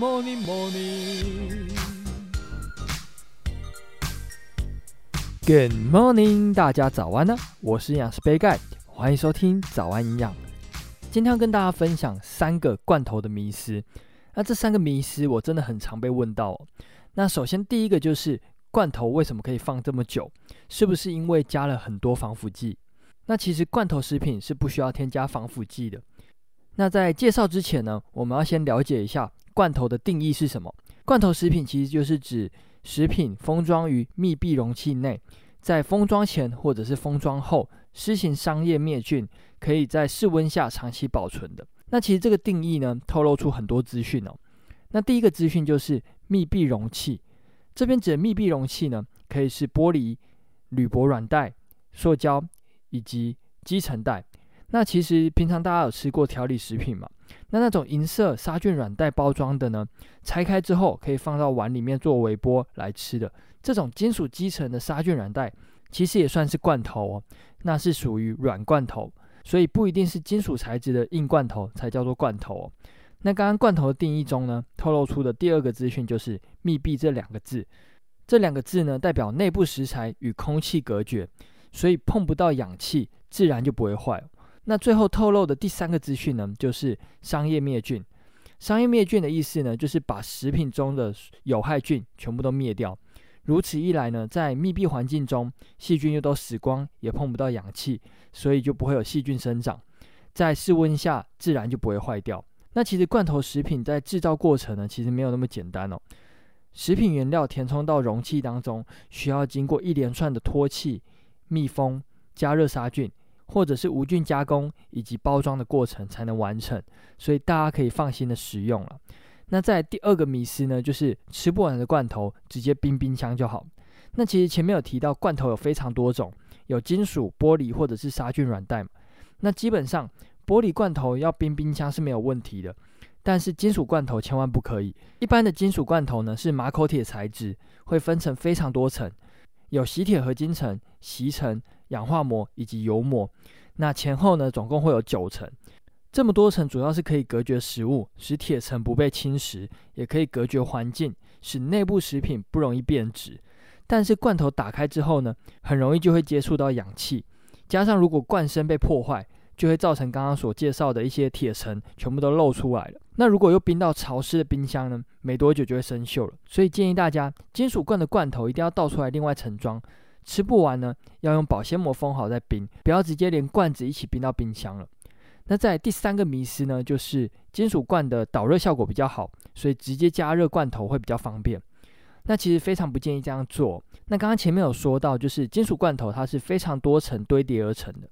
Morning, morning. Good morning, 大家早安呢、啊！我是營養師杯蓋，歡迎收聽早安營養。今天要跟大家分享三個罐頭的迷思。那這三個迷思我真的很常被問到、哦。那首先第一個就是罐頭為什麼可以放這麼久？是不是因為加了很多防腐劑？那其實罐頭食品是不需要添加防腐劑的。那在介紹之前呢，我們要先了解一下。罐頭的定義是什麼？罐頭食品其實就是指食品封裝於密閉容器內，在封裝前或者是封裝後施行商業滅菌，可以在室溫下長期保存的。那其實這個定義呢，透露出很多資訊哦。那第一個資訊就是密閉容器，這邊指的密閉容器呢，可以是玻璃、鋁箔軟袋、塑膠以及積層袋。那其實平常大家有吃過調理食品嗎？那那種銀色殺菌軟袋包裝的呢，拆開之後可以放到碗裡面做微波來吃的，這種金屬基層的殺菌軟袋其實也算是罐頭哦。那是屬於軟罐頭，所以不一定是金屬材質的硬罐頭才叫做罐頭哦。那剛剛罐頭的定義中呢，透露出的第二個資訊就是“密閉”這兩個字。這兩個字呢，代表內部食材與空氣隔絕，所以碰不到氧氣，自然就不會壞。那最後透露的第三個資訊呢，就是商業滅菌。商業滅菌的意思呢，就是把食品中的有害菌全部都滅掉。如此一來呢，在密閉環境中，細菌又都死光，也碰不到氧氣，所以就不會有細菌生長。在室溫下，自然就不會壞掉。那其實罐頭食品在製造過程呢，其實沒有那麼簡單哦。食品原料填充到容器當中，需要經過一連串的脫氣、密封、加熱殺菌。或者是無菌加工以及包裝的過程才能完成，所以大家可以放心的食用了。那在第二個迷思呢，就是吃不完的罐頭直接冰冰箱就好。那其實前面有提到，罐頭有非常多種，有金屬、玻璃或者是殺菌軟袋嘛。那基本上玻璃罐頭要冰冰箱是沒有問題的，但是金屬罐頭千萬不可以。一般的金屬罐頭呢是馬口鐵材質，會分成非常多層，有錫鐵合金層、錫層，氧化膜以及油膜，那前後呢，總共會有九層，這麼多層主要是可以隔絕食物，使鐵層不被侵蝕，也可以隔絕環境，使內部食品不容易變質。但是罐頭打開之後呢，很容易就會接觸到氧氣，加上如果罐身被破壞，就會造成剛剛所介紹的一些鐵層全部都露出來了。那如果又冰到潮濕的冰箱呢，沒多久就會生鏽了。所以建議大家，金屬罐的罐頭一定要倒出來，另外盛裝。吃不完呢，要用保鮮膜封好再冰，不要直接連罐子，一起冰到冰箱了。那在第三個迷思呢，就是金屬罐的導熱效果比較好，所以直接加熱罐頭會比較方便。那其實非常不建議這樣做。那剛剛前面有說到，就是金屬罐頭它是非常多層堆疊而成的，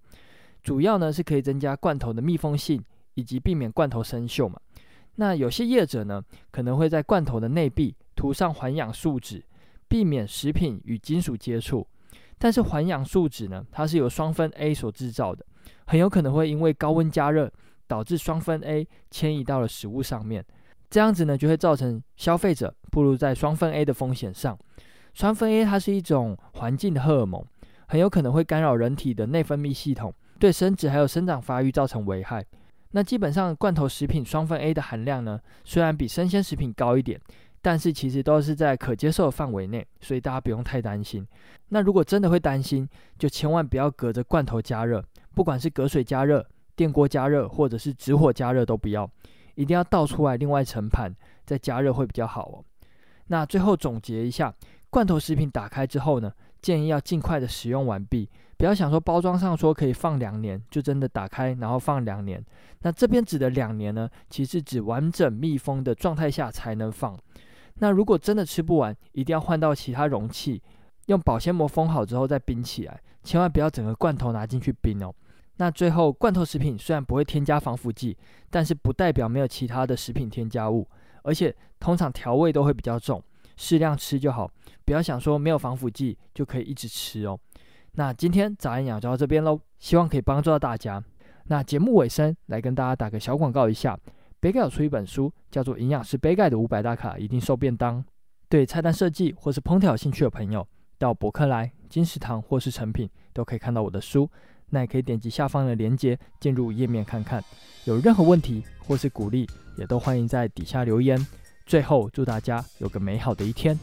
主要呢是可以增加罐頭的密封性以及避免罐頭生鏽嘛。那有些業者呢可能會在罐頭的內壁塗上環氧樹脂，避免食品與金屬接觸。但是環氧樹脂呢，它是由雙酚 A 所製造的，很有可能會因為高溫加熱導致雙酚 A 遷移到了食物上面，這樣子呢就會造成消費者暴露在雙酚 A 的風險上。雙酚 A 它是一種環境的荷爾蒙，很有可能會干擾人體的內分泌系統，對生殖還有生長發育造成危害。那基本上罐頭食品雙酚 A 的含量呢，雖然比生鮮食品高一點。但是其實都是在可接受的範圍內，所以大家不用太擔心。那如果真的會擔心，就千萬不要隔着罐頭加熱，不管是隔水加熱、電鍋加熱，或者是直火加熱都不要，一定要倒出來，另外盛盤再加熱會比較好哦。那最後總結一下，罐頭食品打開之後呢，建議要盡快的使用完畢，不要想說包裝上說可以放兩年，就真的打開然後放兩年。那這邊指的兩年呢，其實指完整密封的狀態下才能放。那如果真的吃不完，一定要換到其他容器，用保鮮膜封好之後再冰起來，千萬不要整個罐頭拿進去冰哦。那最後，罐頭食品雖然不會添加防腐劑，但是不代表沒有其他的食品添加物，而且通常調味都會比較重，適量吃就好，不要想說沒有防腐劑就可以一直吃哦。那今天早安營養就到這邊嘍，希望可以幫助到大家。那節目尾聲，來跟大家打個小廣告一下。杯蓋有出一本書，叫做《營養師杯蓋的五百大卡一定瘦便當》，對菜單設計或是烹調有興趣的朋友，到博客來、金石堂或是誠品都可以看到我的書。那也可以點擊下方的鏈接進入頁面看看。有任何問題或是鼓勵，也都歡迎在底下留言。最後，祝大家有個美好的一天。